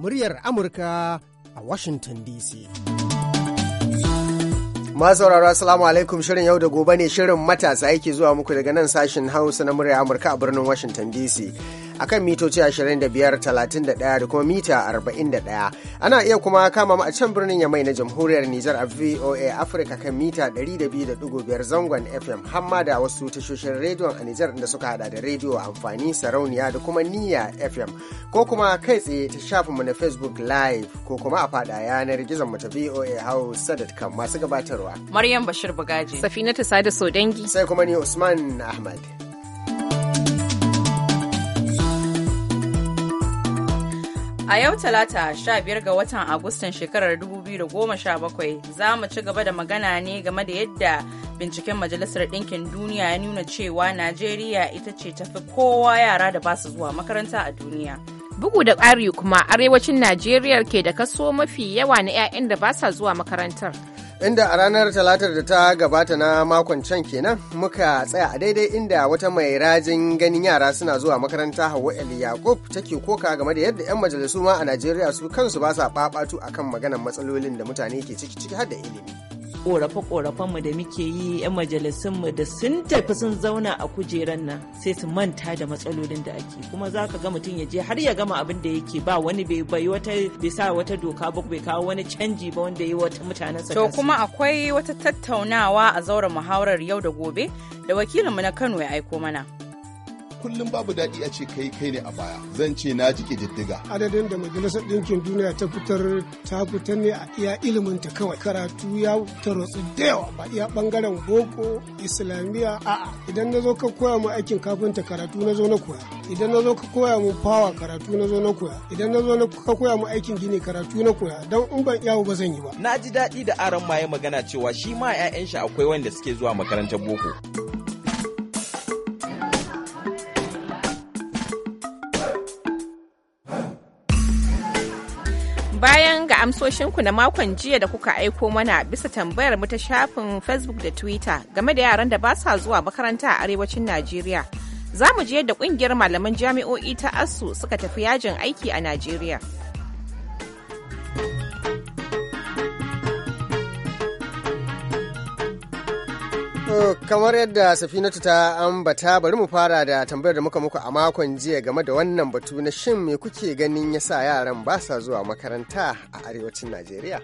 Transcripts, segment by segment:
muryar Amurka a Washington DC. sauraro assalamu alaikum shirin yau da gobe ne shirin matasa yake zuwa muku daga nan sashen hausa na murya amurka a birnin washington dc akan mitoci 2531 da kuma mita 41. Ana iya kuma kama mu a can birnin Yamai na Jamhuriyar Nijar a VOA Africa kan mita 200.5 zangon FM hamma da wasu tashoshin rediyon a Nijar da suka hada da rediyo amfani sarauniya da kuma Niya FM ko kuma kai tsaye ta shafin mu na Facebook Live ko kuma a fada yanar gizon mu ta VOA Hausa.com masu gabatarwa. Maryam Bashir Bugaji. ta Sada dangi. Sai kuma ni Usman Ahmad. A yau Talata 15 ga watan Agustan shekarar 2017 za mu ci gaba da magana ne game da yadda binciken Majalisar Ɗinkin Duniya ya nuna cewa Najeriya ita ce tafi kowa yara da ba su zuwa makaranta a duniya. Bugu da ƙari kuma arewacin Najeriya ke da kaso mafi yawa na 'ya'yan da ba sa zuwa makarantar. inda a ranar talatar da ta gabata na makon can kenan muka tsaya a daidai inda wata mai rajin ganin yara suna zuwa makaranta hawa el yakub take koka game da yadda 'yan majalisu ma a najeriya su kansu ba sa babatu akan maganar matsalolin da mutane ke ciki ciki har da ilimi korafe-korafenmu da muke yi 'yan majalisunmu da sun tafi sun zauna a kujeran nan sai su manta da matsalolin da ake kuma za ka ga mutum ya je har ya gama abin da yake ba wani bai bai wata bai sa wata doka ba bai kawo wani canji ba wanda ya wata mutanen sa to kuma akwai wata tattaunawa a zauren muhawarar yau da gobe da wakilinmu na Kano ya aiko mana. kullum babu daɗi a ce kai kai ne a baya zan ce na jike diddiga. adadin da majalisar ɗinkin duniya ta fitar ta fitar ne a iya ilimin ta kawai karatu ya tarotsu da yawa ba iya bangaren boko islamiyya a'a idan na zo ka koya mu aikin kafinta karatu na zo na koya idan na zo ka koya mu fawa karatu na zo na koya idan na zo ka koya mu aikin gini karatu na koya don in ban yawo ba zan yi ba na ji daɗi da aran maye magana cewa shi ma 'ya'yan shi akwai wanda suke zuwa makarantar boko. Bayan ga amsoshinku na makon jiya da kuka aiko mana bisa tambayar ta shafin Facebook da Twitter game da yaran da ba sa zuwa makaranta a arewacin Najeriya. Za mu je yadda kungiyar malaman jami'o'i ta ASU suka tafi yajin aiki a Najeriya. To kamar yadda Safinatu ta ambata bari mu fara da tambayar da muka muku a makon jiya game da wannan batu na shin me kuke ganin ya sa yaran ba sa zuwa makaranta a arewacin Najeriya?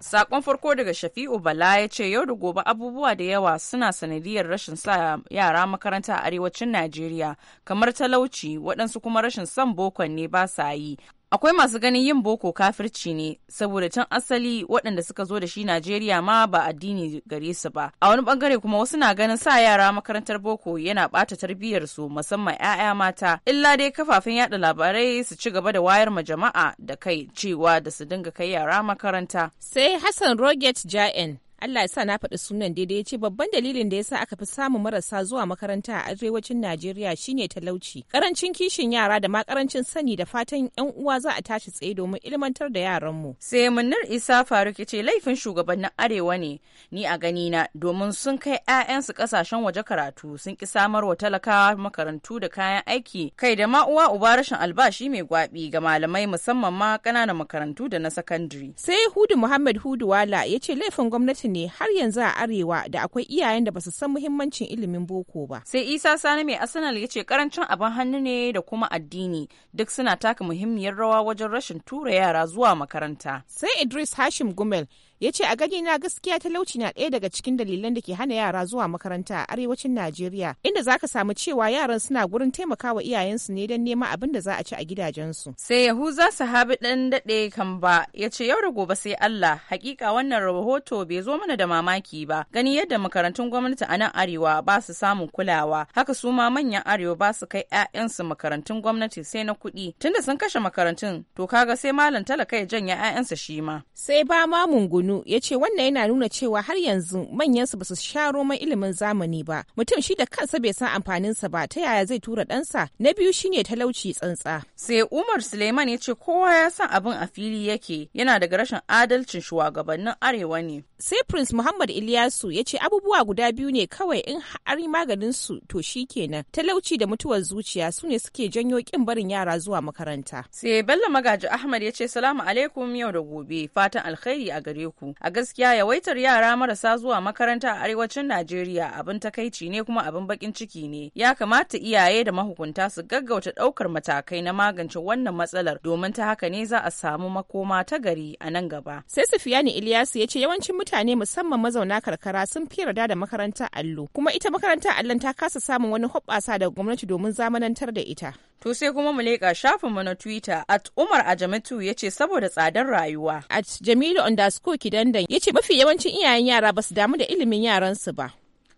Sakon farko daga Shafi'u Bala ya ce yau da gobe abubuwa da yawa suna sanadiyar rashin sa yara makaranta a arewacin Najeriya kamar talauci waɗansu kuma rashin son bokon ne ba sa yi Akwai masu ganin yin boko kafirci ne saboda can asali waɗanda suka zo da shi Najeriya ma ba addini gare su ba. A wani bangare kuma wasu na ganin sa yara makarantar boko yana ɓata tarbiyyar su musamman 'ya'ya mata. Illa dai kafafen yada labarai su ci gaba da wayar ma jama'a da kai cewa da su dinga kai yara makaranta. Sai Hassan Roget Ja'en Allah ya sa na faɗi sunan daidai ya ce babban dalilin da ya sa aka fi samun marasa zuwa makaranta a arewacin Najeriya shine talauci. Karancin kishin yara da ma karancin sani da fatan yan uwa za a tashi tsaye domin ilmantar da yaranmu. Sai Munnar Isa Faruk ce laifin shugabannin arewa ne ni a gani na domin sun kai 'ya'yansu kasashen waje karatu sun ki samar wa talakawa makarantu da kayan aiki kai da ma uwa uba rashin albashi mai gwabi ga malamai musamman ma ƙananan makarantu da na sakandare. Sai Hudu Muhammad Hudu Wala ya ce laifin gwamnati gwamnati ne har yanzu a arewa da akwai iyayen da basu san muhimmancin ilimin boko ba. Sai Isa Sani mai Arsenal ya ce karancin abin hannu ne da kuma addini duk suna taka muhimmiyar rawa wajen rashin tura yara zuwa makaranta. Sai Idris Hashim Gumel ya ce a gani na gaskiya talauci na ɗaya daga cikin dalilan da ke hana yara zuwa makaranta a arewacin najeriya inda za ka samu cewa yaran suna gurin taimakawa iyayensu ne don neman abin da za a ci a gidajensu sai yahuza sahabi ɗan daɗe kan ba ya ce yau da gobe sai allah hakika wannan rahoto bai zo mana da mamaki ba gani yadda makarantun gwamnati a nan arewa ba su samun kulawa haka su ma manyan arewa ba su kai 'ya'yansu makarantun gwamnati sai na kuɗi tunda sun kashe makarantun to kaga sai malam talaka ya janya 'ya'yansa shi ma sai ba ma mungun kunu ya ce wannan yana nuna cewa har yanzu manyansu ba su sha roman ilimin zamani ba. Mutum shi da kansa bai san sa ba ta yaya zai tura ɗansa. Na biyu shine talauci tsantsa. Sai Umar Suleiman ya ce kowa ya san abin a fili yake yana daga rashin adalcin shugabannin arewa ne. Sai Prince Muhammad Ilyasu ya ce abubuwa guda biyu ne kawai in har maganin su to shi kenan. Talauci da mutuwar zuciya su ne suke janyo kin barin yara zuwa makaranta. Sai Bello Magaji Ahmad ya ce salamu alaikum yau da gobe fatan alkhairi a gare ku. uku. a gaskiya yawaitar yara marasa zuwa makaranta a arewacin najeriya abin takaici ne kuma abin bakin ciki ne ya kamata iyaye da mahukunta su gaggauta daukar matakai na magance wannan matsalar domin ta haka ne za a samu makoma ta gari a nan gaba sai sufiyani ilyasu ya ce yawancin mutane musamman mazauna karkara sun fi yarda da makaranta allo kuma ita makaranta allon ta kasa samun wani hoɓɓasa daga gwamnati domin zamanantar da ita To sai kuma mu leƙa shafinmu na Twitter at Umar Ajamitu ya ce saboda tsadar rayuwa. At Jamilu underscore dandan ya ce mafi yawancin iyayen yara ba su damu da ilimin yaransu ba.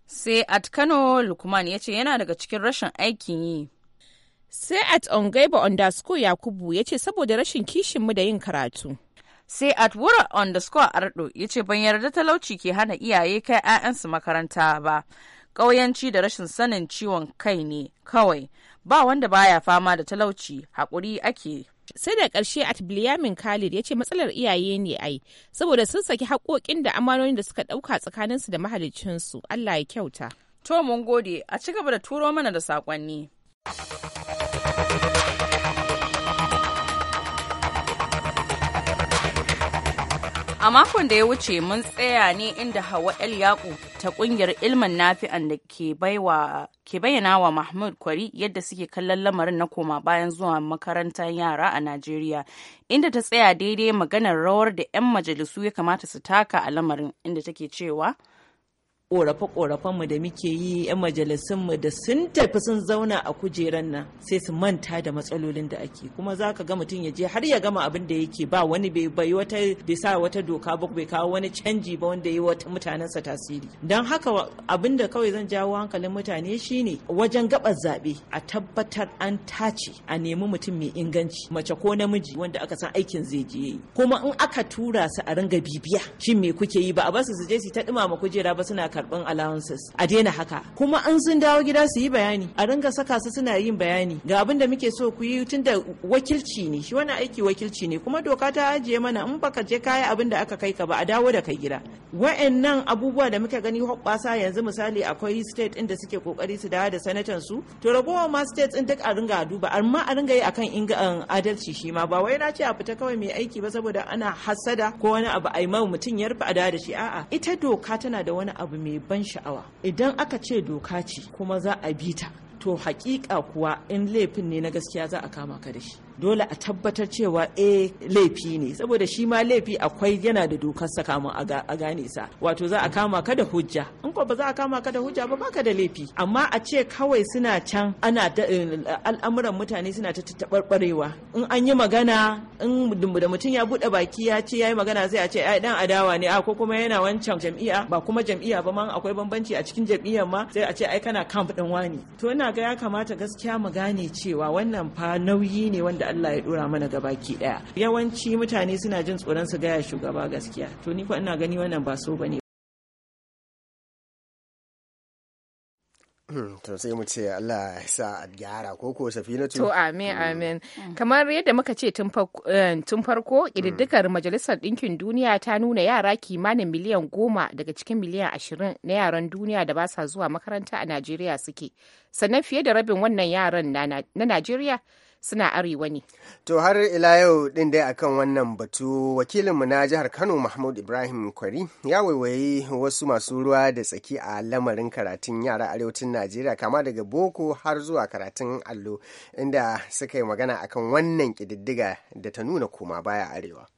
Sai at Kano Lukman ya ce yana daga cikin rashin aikin yi. Sai at Ongaiba underscore Yakubu ya ce saboda rashin kishinmu da yin karatu. Sai at Wura underscore Ardo ya ce ban yarda talauci ke hana iyaye kai 'ya'yansu makaranta ba. Ƙauyanci da rashin sanin ciwon kai ne kawai. Ba wanda baya fama da talauci, haƙuri ake sai da ƙarshe a bilyamin khalid ya ce matsalar iyaye ne ai saboda sun saki haƙoƙin da amanonin da suka ɗauka tsakaninsu da mahaliccinsu allah ya kyauta to mun gode a ci gaba da turo mana da saƙonni A makon da ya wuce mun tsaya ne inda Hawa El Yaku ta kungiyar ilmin nafi'an da ke bayyana wa Mahmud Kwari yadda suke kallon lamarin na koma bayan zuwa makarantar yara a Najeriya, inda ta tsaya daidai maganar rawar da 'yan majalisu ya kamata su taka a lamarin inda take cewa. korafe-korafenmu da muke yi 'yan majalisunmu da sun tafi sun zauna a kujeran nan sai su manta da matsalolin da ake kuma za ka ga mutum ya je har ya gama abin da yake ba wani bai wata bai sa wata doka ba bai kawo wani canji ba wanda ya wata mutanensa tasiri don haka abin da kawai zan jawo hankalin mutane shine wajen gabar zaɓe a tabbatar an tace a nemi mutum mai inganci mace ko namiji wanda aka san aikin zai je yi kuma in aka tura su a ringa bibiya shin me kuke yi ba a basu su je su ta ɗumama kujera ba suna karban allowances a daina haka kuma an sun dawo gida su yi bayani a ringa saka su suna yin bayani ga abin da muke so ku yi tun da wakilci ne shi wani aiki wakilci ne kuma doka ta ajiye mana in baka je kaya abin da aka kai ka ba a dawo da kai gida wa'annan abubuwa da muke gani hoɓɓasa yanzu misali akwai state inda suke kokari su dawo da sanatan su to ragowar ma state in duk a ringa duba amma a ringa yi akan um, adalci shi ma ba wai na ce a fita kawai mai aiki ba saboda ana hasada ko wani abu a yi mutum ya rufe a dawo da shi a'a ita doka tana da wani abu mai ban sha'awa idan aka ce doka ce kuma za a bi ta to hakika kuwa in laifin ne na gaskiya za a kama ka da shi dole a tabbatar cewa A eh, laifi ne saboda shi ma laifi akwai yana da dokar sa kamun a gane sa wato za a kama ka da hujja in ko ba za a kama ka da hujja ba baka da laifi amma a ce kawai suna can ana eh, al'amuran mutane suna ta tabarbarewa in an yi magana in da mutum ya buɗe baki ya ce yayi magana sai a ce ai dan adawa ne a ah, ko kuma yana wancan jam'iyya ba kuma jam'iya ba ma akwai bambanci a cikin jam'iyyar ma sai a ce ai kana kamp din wani to ina ga ya kamata gaskiya mu gane cewa wannan fa nauyi ne wanda Allah ya dora mana gabaki daya yawanci mutane suna jin tsoron su gaya shugaba gaskiya to ni ko ina gani wannan ba so bane hmm, to sai mu ce Allah ya sa a gyara to amin hmm. amin kamar yadda muka ce tun eh, farko kididdikar hmm. majalisar ɗinkin duniya ta nuna yara kimanin miliyan goma daga cikin miliyan ashirin na yaran duniya da ba sa zuwa makaranta a najeriya suke sannan fiye da rabin wannan yaran na najeriya suna arewa ne to har ila yau din dai akan wannan batu wakilinmu na jihar kano mahmud ibrahim kwari ya waiwayi wasu masu ruwa da tsaki a lamarin karatun yara arewacin najeriya kama daga boko har zuwa karatun allo inda suka yi magana akan wannan kididdiga da ta nuna koma baya arewa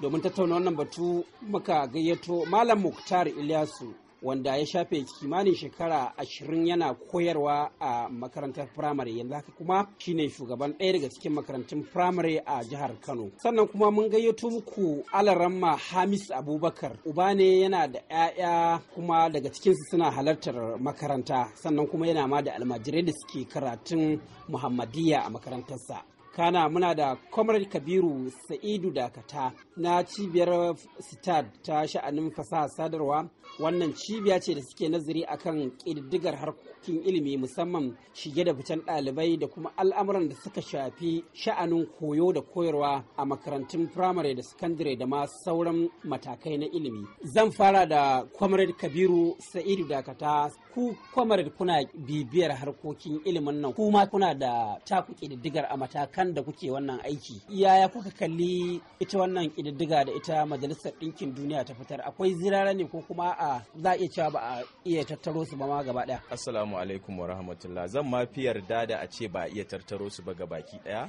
domin tattauna wannan batu muka gayyato malam muktar ilyasu wanda ya shafe kimanin shekara ashirin yana koyarwa a makarantar firamare yanzu haka kuma shine shugaban ɗaya daga cikin makarantun firamare a jihar kano sannan kuma mun gayyato muku alaramma hamis abubakar uba ne yana da 'ya'ya kuma daga cikinsu suna halartar makaranta sannan kuma yana ma da almajirai da suke karatun muhammadiyya a makarantarsa kana muna da kwamar kabiru sa'idu dakata na cibiyar stad ta sha'anin fasaha sadarwa wannan cibiya ce da suke nazari akan ƙididdigar harkokin ilimi musamman shige da fitan ɗalibai da kuma al'amuran da suka shafi sha'anin koyo da koyarwa a makarantun firamare da sakandare da ma sauran matakai na ilimi zan fara da comrade kabiru sa'idu dakata ku comrade kuna bibiyar harkokin ilimin nan kuma kuna da taku ƙididdigar a matakan da kuke wannan aiki yaya kuka kalli ita wannan kididdiga da ita majalisar ɗinkin duniya ta fitar akwai zirara ne ko kuma a za a iya cewa ba a iya tattaro su ba ma gaba ɗaya assalamu alaikum wa rahmatullah zan ma fi yarda da a ce ba a iya tattaro su ba gabaki ɗaya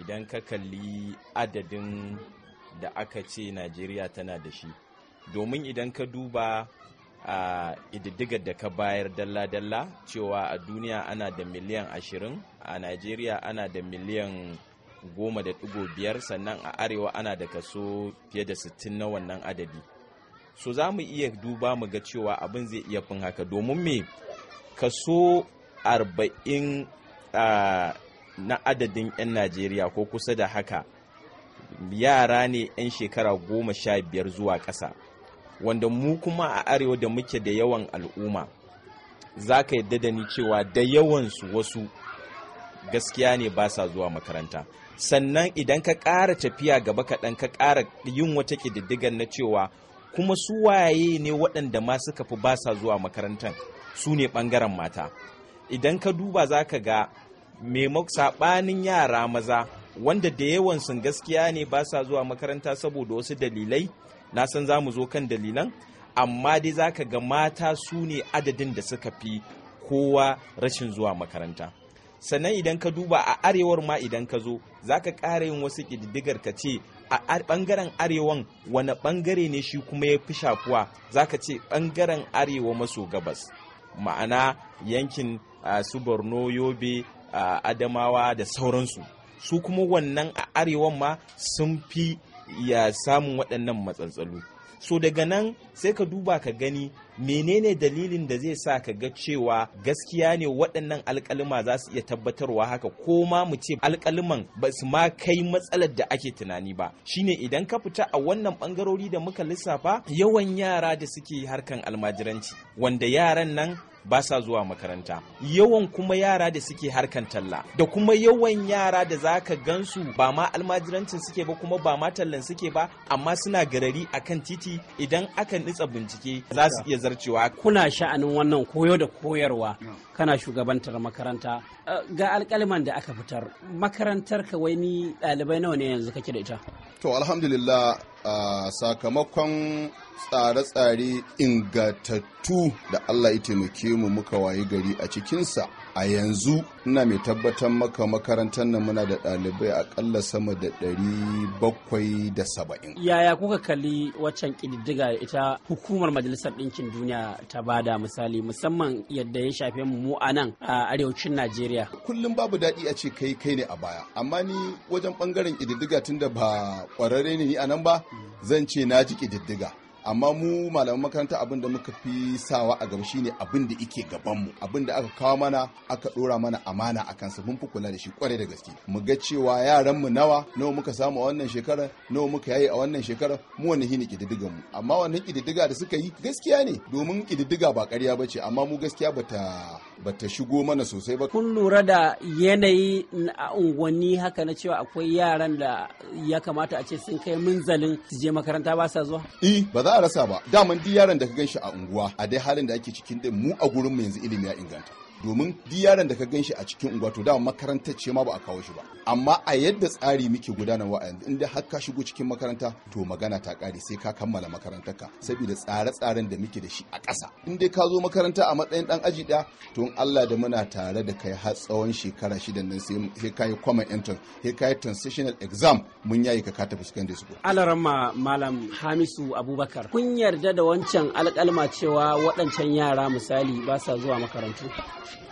idan ka kalli adadin da aka ce najeriya tana da shi domin idan ka duba a ididdigar da ka bayar dalla-dalla cewa a duniya ana da miliyan ashirin, a najeriya ana da miliyan goma da ɗigo biyar sannan a arewa ana da kaso fiye da sittin na wannan adadi so za mu iya duba mu ga cewa abin zai iya fin haka domin me kaso arba'in na adadin 'yan najeriya ko kusa da haka yara ne 'yan shekara goma sha biyar zuwa ƙasa wanda mu kuma a arewa da muke da yawan al'umma za ka yadda da ni cewa da yawansu wasu gaskiya ne ba sa zuwa makaranta sannan idan ka ƙara tafiya gaba kaɗan ka ƙara yin wata ƙididdigar na cewa kuma su waye ne waɗanda ma suka fi ba sa zuwa makarantar su ne ɓangaren mata idan ka duba za ka ga maimako saɓanin yara maza wanda da yawan sun gaskiya ne ba sa zuwa makaranta saboda wasu dalilai na san za mu zo kan dalilan amma dai za ka ga mata su ne adadin da suka fi kowa rashin zuwa makaranta sannan idan ka duba a arewar ma idan ka zo za ka ƙara yin wasu ƙididdigar ka ce a ɓangaren arewan wani ɓangare ne shi kuma ya fi shafuwa za ka ce ɓangaren arewa maso gabas ma'ana yankin su borno yobe adamawa da sauransu su kuma wannan a arewan ma sun fi ya samun waɗannan matsantsalu so daga nan sai ka duba ka gani menene dalilin da zai sa ka ga cewa gaskiya ne waɗannan alƙalima za su iya tabbatarwa haka ko ma mu ce alƙaliman ba su ma kai matsalar da ake tunani ba shine idan ka fita a wannan ɓangarori da muka lissafa yawan yara da suke harkan almajiranci wanda yaran nan ba sa zuwa makaranta yawan kuma yara da suke harkan talla da kuma yawan yara da za ka gansu ba ma almajirancin suke ba kuma ba ma tallan suke ba amma suna garari akan titi idan aka nitsa bincike za su iya zarcewa kuna sha'anin wannan koyo da koyarwa kana shugabantar makaranta eh, ga alkaliman da aka fitar makarantar ka wai ni ɗalibai nawa ne yanzu kake da ita to alhamdulillah ah, sakamakon tsare-tsare ingantattu da Allah ya taimake mu muka wayi gari a cikinsa a yanzu ina mai tabbatar maka makarantar nan muna da ɗalibai akalla sama da ɗari bakwai da saba'in. Yaya kuka kalli waccan ƙididdiga ita hukumar Majalisar Ɗinkin Duniya ta bada misali musamman yadda ya shafe mu a nan a arewacin Najeriya. Kullum babu daɗi a ce kai kai ne a baya amma ni wajen ɓangaren ƙididdiga tunda ba ƙwararre ne ni a nan ba mm. zan ce na ji ƙididdiga. amma mu malaman makaranta abin da muka fi sawa a gaba shine abin da yake gaban mu abin da aka kawo mana aka dora mana amana a kansa mun fi kula da shi kwarai da gaske mu ga cewa yaran mu nawa nawa muka samu a wannan shekarar nawa muka yayi a wannan shekarar mu wani hini kididdigan mu amma wannan kididdiga da suka yi gaskiya ne domin kididdiga ba ƙarya bace amma mu gaskiya bata bata shigo mana sosai ba kun lura da yanayi a unguwanni haka na cewa akwai yaran da ya kamata a ce sun kai munzalin su je makaranta ba sa zuwa eh ba za a rasa ba daman duk yaron da ka gan shi a unguwa a dai halin da ake cikin din mu a gurin mu yanzu ilimi ya inganta domin duk yaron da ka gan shi a cikin unguwa to da makarantar ce ma ba a kawo shi ba amma a yadda tsari muke gudanarwa a yanzu inda har ka shigo cikin makaranta to magana ta kare sai ka kammala makarantar ka saboda tsare-tsaren da muke da shi a ƙasa in dai ka zo makaranta a matsayin dan aji ɗaya to in Allah da muna tare da kai har tsawon shekara shida nan sai ka yi common entrance sai ka yi transitional exam mun yayi ka ka tafi secondary school alarama malam Hamisu Abubakar kun yarda da wancan alƙalma cewa waɗancan yara misali ba sa zuwa makarantu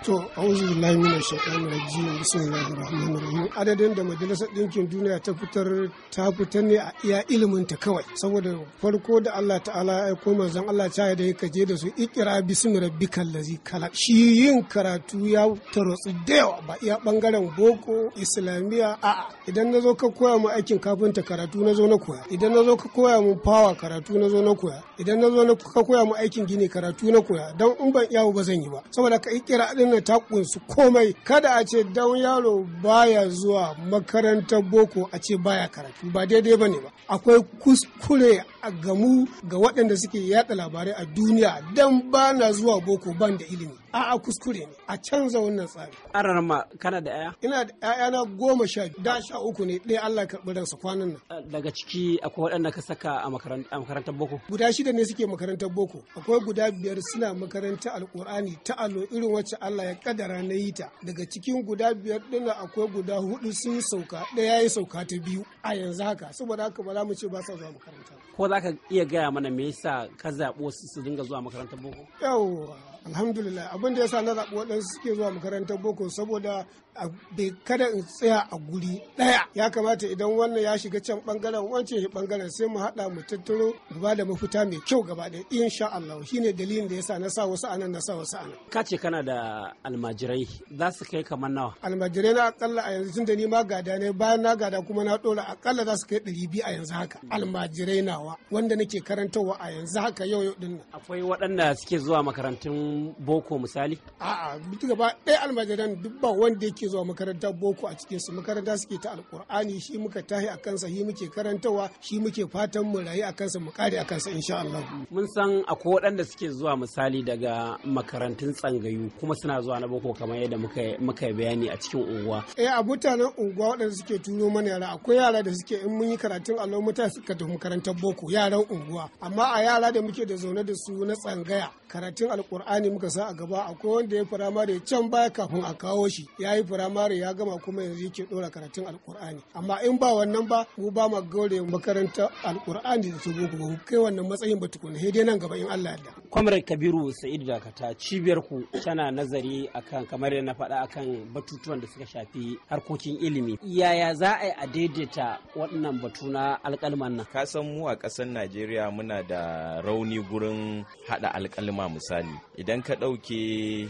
To, auzu billahi min shaitan rajim bismillahir rahmanir rahim. Adadin da Majalisar Dinkin Duniya ta fitar ta fitar ne a iya ilimin ta kawai. Saboda farko da Allah ta'ala ya aiko manzon Allah ta da yake je da su ikira bismi rabbikal ladzi khalaq. Shi yin karatu ya tarotsu da yawa ba iya bangaren boko islamiya a idan na zo ka koya mu aikin kafinta karatu na zo na koya. Idan na zo ka koya mu fawa karatu na zo na koya. Idan na zo ka koya mu aikin gini karatu na koya. don in ban yawo ba zan yi ba. Saboda ka ikira shari'a ɗin ta komai kada a ce dan yaro baya zuwa makarantar boko a ce baya karatu ba daidai ba ne ba akwai kuskure a gamu ga waɗanda suke yaɗa labarai a duniya dan na zuwa boko ban da ilimi a'a kuskure ne a canza wannan tsari ararma kana da yaya ina da yaya na goma sha da sha uku ne ɗaya Allah karɓi su kwanan nan daga ciki akwai waɗanda ka saka a makarantar boko guda shida ne suke makarantar boko akwai guda biyar suna makarantar alƙur'ani ta alo irin wacce Allah ya kadara na yi ta daga cikin guda biyar ɗin akwai guda hudu sun sauka ɗaya ya sauka ta biyu a yanzu haka saboda haka ba za mu ce ba sa zuwa makaranta ko za ka iya gaya mana me yasa ka zaɓo su dinga zuwa makarantar boko yawwa alhamdulillah abin da ya sa na zaɓi waɗansu suke zuwa makarantar boko saboda bai kada in tsaya a guri ɗaya ya kamata idan wannan ya shiga can bangaren wancan shi bangaren sai mu haɗa mu tattaro ba da mafita mai kyau gaba ɗaya insha Allah shine dalilin da yasa na sa wasu anan na sa wasu anan ka ce kana da almajirai za su kai kamar nawa almajirai na akalla a yanzu tunda ni ma gada ne bayan na gada kuma na dora akalla za su kai ɗari biyu a yanzu haka almajirai nawa wanda nake karantarwa a yanzu haka yau yau din akwai waɗanda suke zuwa makarantun boko misali a'a duk gaba ɗaya almajiran duk ba wanda yake suke zuwa makarantar boko a cikin su makaranta suke ta alkur'ani shi muka tahi a kansa shi muke karantawa shi muke fatan mu rayu a kansa mu kare a kansa insha Allah mun san akwai waɗanda suke zuwa misali daga makarantun tsangayu kuma suna zuwa na boko kamar yadda muka muka bayani a cikin unguwa eh a mutanen unguwa waɗanda suke turo mana yara akwai yara da suke in mun yi karatun Allah mutane suka tafi makarantar boko yaran unguwa amma a yara da muke da zaune da su na tsangaya karatun alkur'ani muka sa a gaba akwai wanda ya firamare can baya kafin a kawo shi ya yi firamare ya gama kuma yanzu yake dora karatun alkur'ani amma in ba wannan ba mu ba ma gaure makarantar alkur'ani da su boko kai wannan matsayin ba tukuna sai dai nan gaba in Allah yarda Comrade Kabiru Sa'idu Dakata cibiyar ku tana nazari akan kamar yadda na faɗa akan batutuwan da suka shafi harkokin ilimi yaya za a yi a daidaita waɗannan batu na alƙalman nan ka san mu a ƙasar Najeriya muna da rauni gurin haɗa alƙalman ma misali idan ka ɗauke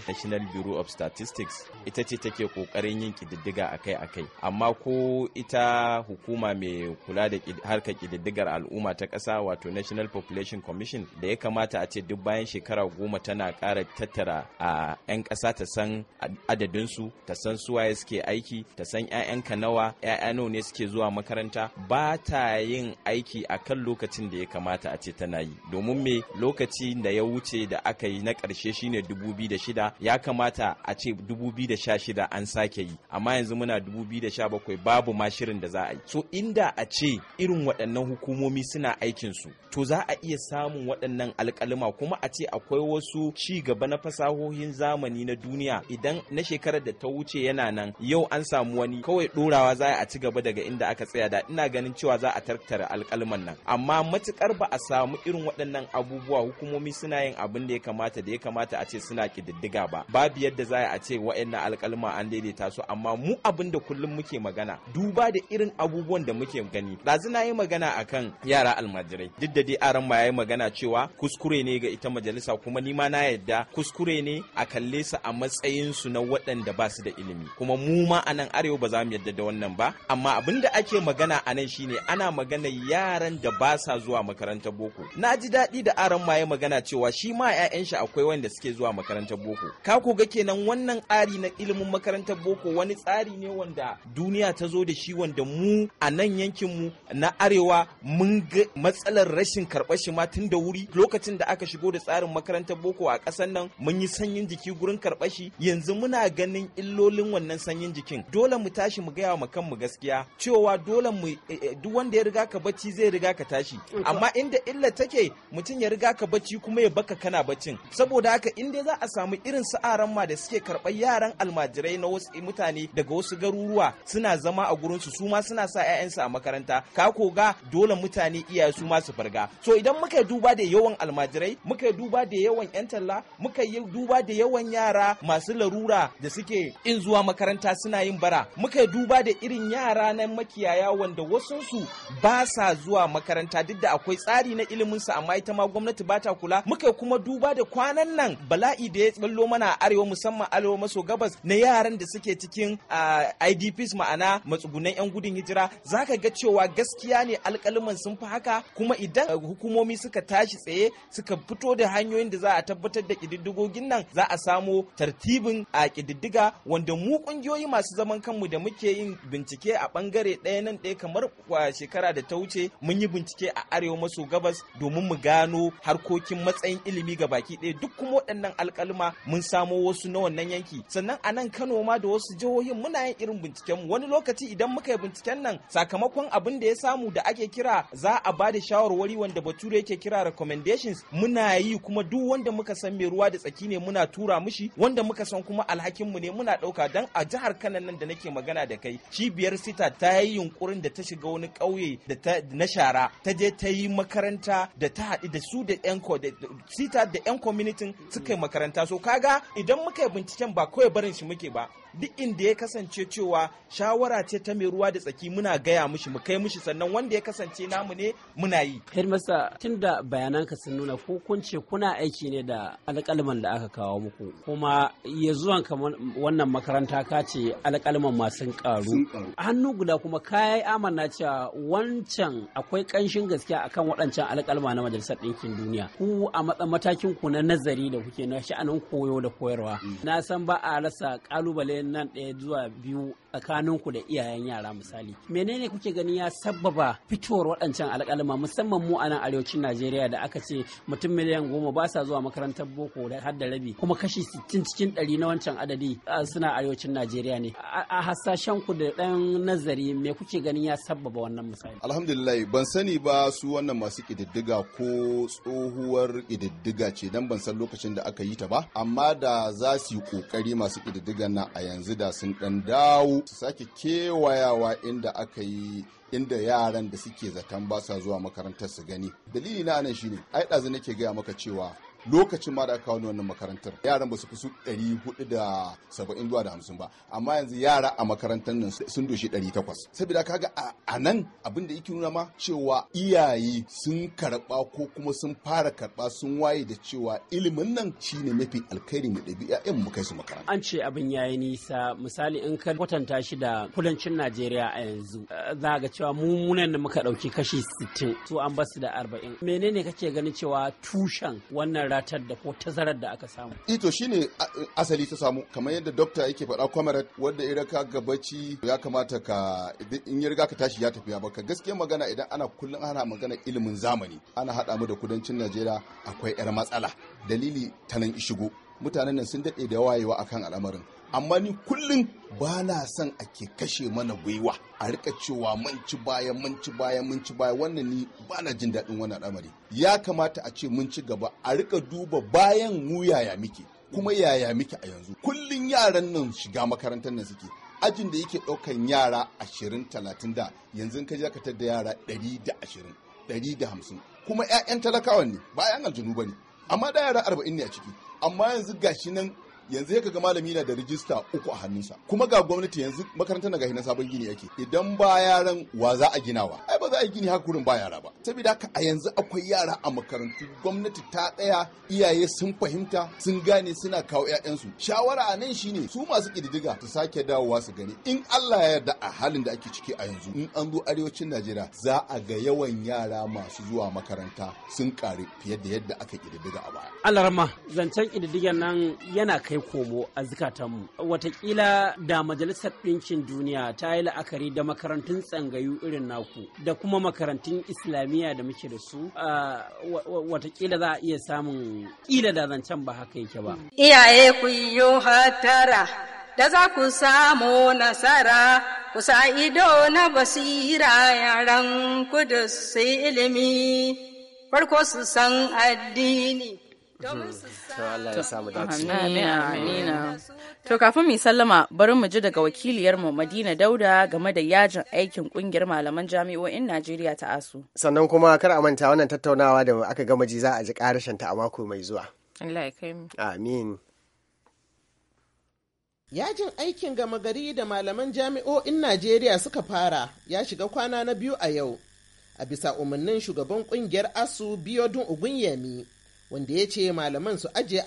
national bureau of statistics ita ce take ƙoƙarin yin ƙididdiga akai-akai amma ko ita hukuma mai kula da harkar ƙididdigar al'umma ta ƙasa wato national population commission da ya kamata a ce duk bayan shekara goma tana ƙara tattara a 'yan ƙasa ta san adadinsu ta san suwaye suke aiki ta san 'ya'yanka nawa 'ya'ya nawa ne suke zuwa makaranta ba ta yin aiki akan lokacin da ya kamata a ce tana yi domin me lokacin da ya wuce da da aka yi na ƙarshe shine 2006 ya kamata a ce 2016 an sake yi amma yanzu muna 2017 babu ma shirin da za a yi so inda a ce irin waɗannan hukumomi suna aikin su to za a iya samun waɗannan alƙaluma kuma a ce akwai wasu ci gaba na fasahohin zamani na duniya idan na shekarar da ta wuce yana nan yau an samu wani kawai ɗorawa za a ci gaba daga inda aka tsaya da ina ganin cewa za a tattara alƙaluman nan amma matukar ba a samu irin waɗannan abubuwa hukumomi suna yin abin da ya kamata da ya kamata a ce suna kididdiga ba babu yadda za a ce wa'annan alƙalma an daidaita su amma mu abin da kullum muke magana duba da irin abubuwan da muke gani ɗazu na yi magana akan yara almajirai duk da dai aran ma yayi magana cewa kuskure ne ga ita majalisa kuma ni ma na yadda kuskure ne a kalle su a matsayin su na waɗanda ba su da ilimi kuma mu ma a nan arewa ba za mu yadda da wannan ba amma abin da ake magana a nan shine ana magana yaran da ba sa zuwa makarantar boko na ji daɗi da aran ma yayi magana cewa shi ma 'ya'yan shi akwai wanda suke zuwa makarantar boko ka ko ga kenan wannan tsari na ilimin makarantar boko wani tsari ne wanda duniya ta zo da shi wanda mu a nan yankin mu na arewa mun ga matsalar rashin karɓar shi ma tun da wuri lokacin da aka shigo da tsarin makarantar boko a ƙasar nan mun yi sanyin jiki gurin karɓar shi yanzu muna ganin illolin wannan sanyin jikin dole mu tashi mu gaya wa kanmu gaskiya cewa dole mu eh, eh, duk wanda ya riga ka bacci zai riga ka tashi mm, amma inda illa take mutum ya riga ka bacci kuma ya baka kana yana baccin saboda haka in dai za a samu irin sa'aran ma da suke karɓar yaran almajirai na wasu mutane daga wasu garuruwa suna zama a gurin su ma suna sa 'ya'yansu a makaranta ka ga dole mutane iyaye su ma su farga so idan muka duba da yawan almajirai muka duba da yawan 'yan talla muka yi duba da yawan yara masu larura da suke in zuwa makaranta suna yin bara muka duba da irin yara na makiyaya wanda su ba sa zuwa makaranta duk da akwai tsari na ilimin su amma ita ma gwamnati ba ta kula muka kuma duba duba da kwanan nan bala'i da ya tsallo mana a arewa musamman arewa maso gabas na yaran da suke cikin idps ma'ana matsugunan yan gudun hijira za ka ga cewa gaskiya ne alkaliman sun fi haka kuma idan uh, hukumomi suka tashi tsaye suka fito da hanyoyin da za a tabbatar da kididdigogin nan za a samo tartibin a kididdiga wanda mu kungiyoyi masu zaman kanmu da muke yin bincike a bangare ɗaya nan ɗaya kamar shekara da ta wuce mun yi bincike a arewa maso gabas domin mu gano harkokin matsayin ilimi ga baki ɗaya duk kuma waɗannan alƙalma mun samo wasu na wannan yanki sannan a nan Kano ma da wasu jihohin muna yin irin binciken wani lokaci idan muka yi binciken nan sakamakon abin da ya samu da ake kira za a ba da shawarwari wanda bature yake kira recommendations muna yi kuma duk wanda muka san mai ruwa da tsaki ne muna tura mishi wanda muka san kuma alhakinmu ne muna ɗauka dan a jihar Kano nan da nake magana da kai cibiyar sita ta yi yunkurin da ta shiga wani ƙauye da na shara ta je ta yi makaranta da ta haɗu da su da 'yan sita da yan community suka yi makaranta so kaga idan muka yi binciken ba kawai barin shi muke ba duk inda ya kasance cewa shawara ce ta mai ruwa da tsaki muna gaya mushi mu kai mushi sannan wanda ya kasance namu ne muna yi tun tunda bayananka sun nuna ko kun ce kuna aiki ne da alƙalman da aka kawo muku kuma ya zuwan kamar wannan makaranta ka ce alƙalman masu ƙaru hannu guda kuma kayi na cewa wancan akwai ƙanshin gaskiya akan waɗancan alƙalma na majalisar ɗinkin duniya ku a matsayin matakin ku na nazari da kuke na sha'anin koyo da koyarwa mm. na san ba a rasa ƙalubale nan ɗaya zuwa biyu tsakaninku da iyayen yara misali menene kuke gani ya sabbaba fitowar waɗancan alƙalma musamman mu a nan arewacin najeriya da aka ce mutum miliyan goma ba sa zuwa makarantar boko da har da rabi kuma kashi sittin cikin ɗari na wancan adadi suna arewacin najeriya ne a hasashen ku da ɗan nazari me kuke ganin ya sabbaba wannan misali alhamdulillah ban sani ba su wannan masu ƙididdiga ko tsohuwar ƙididdiga ce dan ban san lokacin da aka yi ta ba amma da za su yi ƙoƙari masu ƙididdigan na a yanzu da sun ɗan dawo Su ta sake kewayawa inda aka yi inda yaran da suke zaton ba sa zuwa makarantar su gani dalili na anan shine ai ɗazu nake gaya maka cewa lokacin ma da aka kawo wannan makarantar yaran ba su fi su 470 zuwa da 50 ba amma yanzu yara a makarantar nan sun doshi 800 saboda kaga a nan abin da yake nuna ma cewa iyaye sun karba ko kuma sun fara karba sun waye da cewa ilimin nan shine mafi alkhairi mu ɗabi ƴaƴan mu kai su makaranta an ce abin yayi nisa misali in ka kwatanta shi da kudancin Najeriya a yanzu eh, za ga cewa mu munan da muka dauki kashi 60 to an basu da 40 menene kake ganin cewa tushen wannan ratar da ko tazarar da aka samu ito eh shine asali ta samu kamar yadda dokta yake faɗa kwamarat wadda ya raka gabaci ya kamata ka in ya riga ka tashi ya tafiya ba. ka gaskiya magana idan ana kullum ana magana ilimin zamani ana haɗa mu da kudancin najeriya akwai 'yar matsala dalili ta nan ishigo mutanen nan sun daɗe da wayewa akan al'amarin amma ni kullum ba na son a ke kashe mana gwiwa a rika cewa mun ci baya mun ci baya mun baya wannan ni ba na jin daɗin wannan al'amari ya kamata a ce mun ci gaba a rika duba bayan mu yaya muke kuma yaya muke a yanzu kullum yaran nan shiga makarantar nan suke ajin da yake ɗaukan yara ashirin talatin da yanzu ka je ka da yara ɗari da ashirin ɗari da hamsin kuma 'ya'yan talakawan ne bayan aljanu ba ne amma da yara arba'in ne a ciki amma yanzu gashi nan yanzu ya ga malami na da rijista uku a hannunsa kuma ga gwamnati yanzu makarantar na gahi na sabon gini yake idan ba yaran wa za a ginawa ai ba za a yi gini haka kurin ba yara ba saboda haka a yanzu akwai yara a makarantu gwamnati ta tsaya iyaye sun fahimta sun gane suna kawo 'ya'yansu shawara a nan shine su masu ƙididdiga su sake dawowa su gani in Allah ya yarda a halin da ake ciki a yanzu in an zo arewacin Najeriya za a ga yawan yara masu zuwa makaranta sun ƙare fiye da yadda aka ƙididdiga a baya. Alarma zancen ƙididdigan nan yana kai komo a zukatanmu watakila da majalisar ɗinkin duniya ta yi la'akari da makarantun tsangayu irin naku da kuma makarantun islami islamiyya da muke da su watakila za a iya samun ƙila da zancen ba haka yake ba iyaye ku yi hatara da za ku samu nasara ku sa ido na basira yaran ku da sai ilimi farko su san addini Hmm. To kafin mu yi sallama bari mu ji daga wakiliyarmu Madina Dauda game da yajin aikin kungiyar malaman jami'o'in Najeriya ta ASU. Sannan kuma kar a manta wannan tattaunawa da aka gama ji za a ji karshen ta a mako mai zuwa. Allah ya kai Amin. Yajin aikin gama gari da malaman jami'o'in Najeriya suka fara ya shiga kwana na biyu a yau. A bisa umarnin shugaban kungiyar ASU Biyodun Ogunyemi. wanda ya ce malaman su ajiye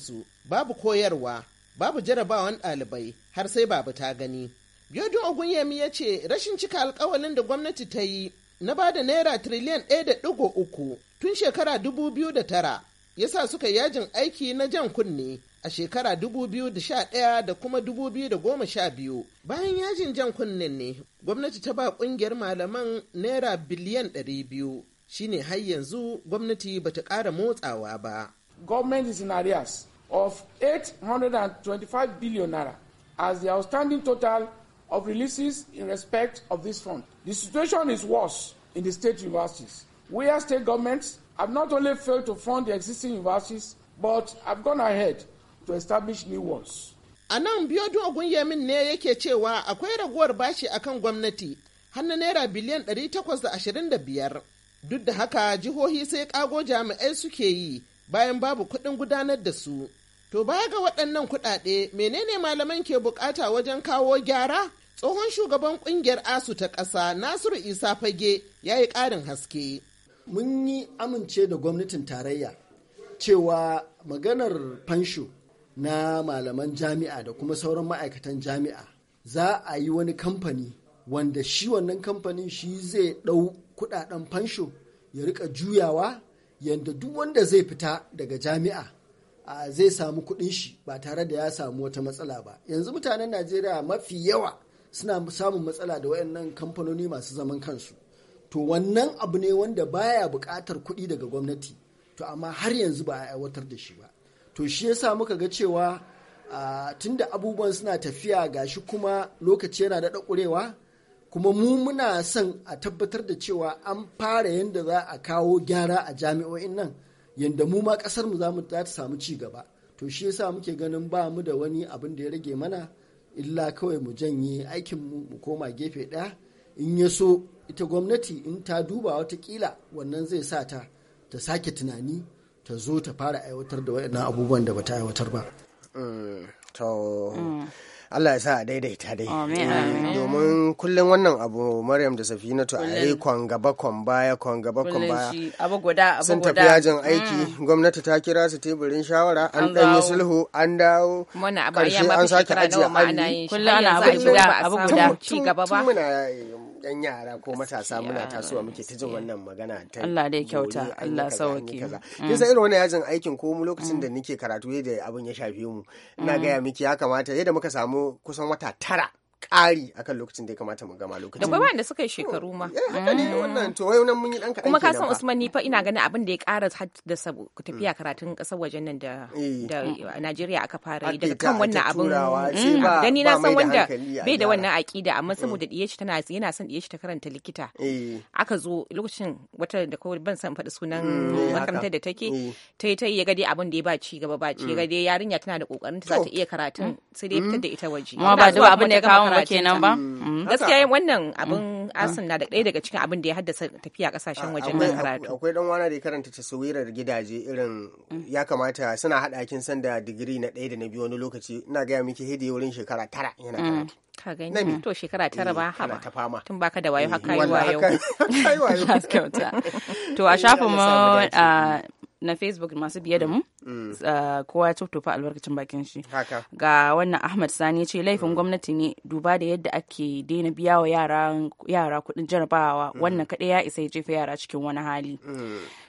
su, babu koyarwa babu jarabawan ɗalibai har sai babu ta gani. Biodun Ogunyemi ya ce rashin cika alkawalin da gwamnati ta yi na ba da naira tiriliyan ɗaya da ɗigo uku tun shekara dubu biyu da tara ya sa suka yajin aiki na jan kunne a shekara dubu biyu da sha ɗaya da kuma dubu biyu da goma sha biyu bayan yajin jan kunnen ne gwamnati ta ba ƙungiyar malaman naira biliyan ɗari biyu shine har yanzu gwamnati bata ƙara motsawa ba. Government is in arrears of 825 billion naira as the outstanding total of releases in respect of this fund. The situation is worse in the state universities, We as state governments have not only failed to fund the existing universities, but have gone ahead to establish new ones. A nan Biodun yamin ne yake cewa akwai raguwar bashi akan gwamnati har naira biliyan 825 Duk da haka jihohi sai kago jami'ai suke yi bayan babu kuɗin gudanar da su. To baya ga waɗannan kuɗaɗe menene malaman ke bukata wajen kawo gyara? Tsohon shugaban ƙungiyar ASU ta ƙasa Nasiru Isa Fage ya yi ƙarin haske. Mun yi amince da gwamnatin tarayya cewa maganar fansho na malaman jami'a da kuma sauran ma'aikatan jami'a za a yi wani kamfani wanda shi wannan kamfanin shi zai ɗau kudaden fansho ya rika juyawa yadda duk wanda zai fita daga jami'a zai samu kuɗin shi ba tare da ya samu wata matsala ba yanzu mutanen najeriya mafi yawa suna samun matsala da wayannan kamfanoni masu zaman kansu to wannan abu ne wanda baya buƙatar kuɗi daga gwamnati to amma har yanzu ba a aiwatar da shi ba to shi yasa muka ga cewa tunda abubuwan suna tafiya gashi kuma lokaci yana da ƙurewa kuma mu muna son a tabbatar da cewa an fara yadda za a kawo gyara a jami'o'in nan yadda mu ma kasar mu za mu ta samu ci gaba to shi yasa muke ganin ba mu da wani abin da ya rage mana illa kawai mu janye aikin mu mu koma gefe ɗaya in ya so ita gwamnati in ta duba watakila wannan zai sa ta ta sake tunani ta zo ta fara aiwatar da waɗannan abubuwan da bata aiwatar ba. Eh, mm. Allah ya sa a daidaita dai eh, domin kullum wannan abu Maryam da Safinatu a yi kwan gaba kwan baya kwan gaba kwan baya abu guda abu sun tafi yajin mm. aiki gwamnati ta kira su teburin shawara an dan yi sulhu an dawo karshe an sake ajiye kullum ana abu guda abu guda ci gaba ba Ɗan yara ko matasa muna tasowa muke ta jin wannan magana ta Allah dai kyauta Allah sauki mm. kin san irin wannan yajin aikin ko mu lokacin mm. da nike karatu yadda abin ya shafe mu ina mm. gaya miki ya kamata yadda muka samu kusan wata tara ƙari akan lokacin da ya kamata mu gama lokacin. Da kuma wanda suka yi shekaru ma. Eh, haka ne wannan to wai nan mun yi dan kaɗan. Kuma ka san Usman ni fa ina ganin abin da ya ƙara da tafiya mm. karatun ƙasar wajen nan da eh. da Najeriya aka fara yi daga kan wannan abin. Mm. Da ni na san wanda bai da wannan aƙida amma mm. saboda diye shi tana yana son diye shi ta karanta likita. Eh. Aka zo lokacin wata da ko ban san faɗi sunan makarantar da take ta yi ta yi ya ga abin da ya ba ci gaba ba ci ya ga yarinya tana da kokarin ta za ta iya karatun sai dai fitar da ita waje. Amma ba da abin da ya kawo ba mm. mm, kenan ba gaskiya wannan abin mm. ah. asin na da ɗaya daga cikin abin da ya haddasa tafiya kasashen wajen nan karatu akwai dan wani da ya karanta taswirar gidaje irin ya kamata suna hada kin san da digiri na ɗaya da na biyu wani lokaci ina gaya miki hidi wurin shekara tara yana karatu ka gani to shekara tara ba eh, haba tun baka da wayo haka eh, yi wayo to a eh, shafin mu na facebook masu biye da mu mm. Mm. Uh, kowa ya tuftufa albarkacin bakin shi ga wannan ahmad sani ce laifin mm. gwamnati ne duba da yadda ake daina biya wa yara kuɗin jarabawa wannan kaɗai ya isa ya jefa yara cikin wani hali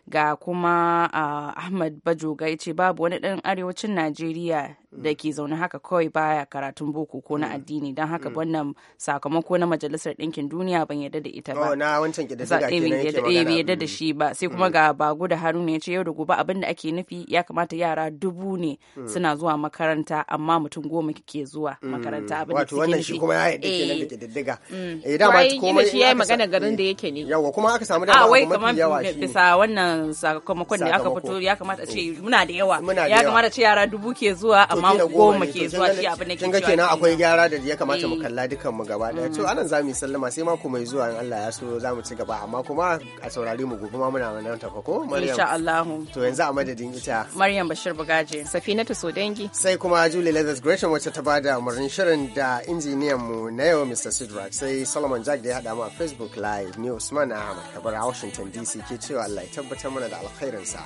ga kuma ahmad bajoga ya ce babu wani ɗan arewacin najeriya da ke zaune haka kawai baya karatun boko ko na mm. addini don haka mm. wannan sakamako na majalisar ɗinkin duniya ban yadda da ita ba oh, na wancan eh, yadda eh, da mm. shi ba sai kuma ga bago da haruna ya ce yau da gobe abin da ake nufi ya kamata yara dubu ne suna zuwa makaranta amma mutum goma ke zuwa makaranta abin da suke wannan shi kuma ya yi yadda nan eh. da kididdiga eh dama komai shi yayi magana garin da yake ne yawa kuma aka samu ah, da mafi yawa shi bisa wannan wannan sakamakon da aka fito ya kamata ce eh. muna da yawa ya kamata ce yara dubu ke zuwa amma goma ke zuwa shi abin da ke cewa kenan akwai gyara da ya kamata mu eh. kalla dukan mm. mu gaba daya to anan zamu sallama sai mako mai zuwa in Allah ya so zamu ci gaba amma kuma a saurare mu gobe ma muna nan tafa ko Maryam insha Allah to yanzu a madadin ita Maryam Bashir Bugaje Safinatu Sodangi sai kuma Julie Lazarus Gresham wacce ta bada umarnin shirin da injiniyan mu na yau Mr. Sidrak sai Solomon Jack da ya hada mu a Facebook live ni Usman Ahmad kabar a Washington DC ke cewa Allah ya tabbata tabbatar mana da alkhairinsa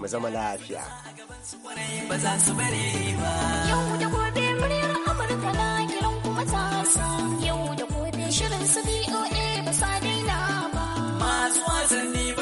mu zama lafiya ba za su bare ba yau da gobe muryar amurka na kiran kuma ta yau da gobe shirin su boa ba sa daina ba masu wasanni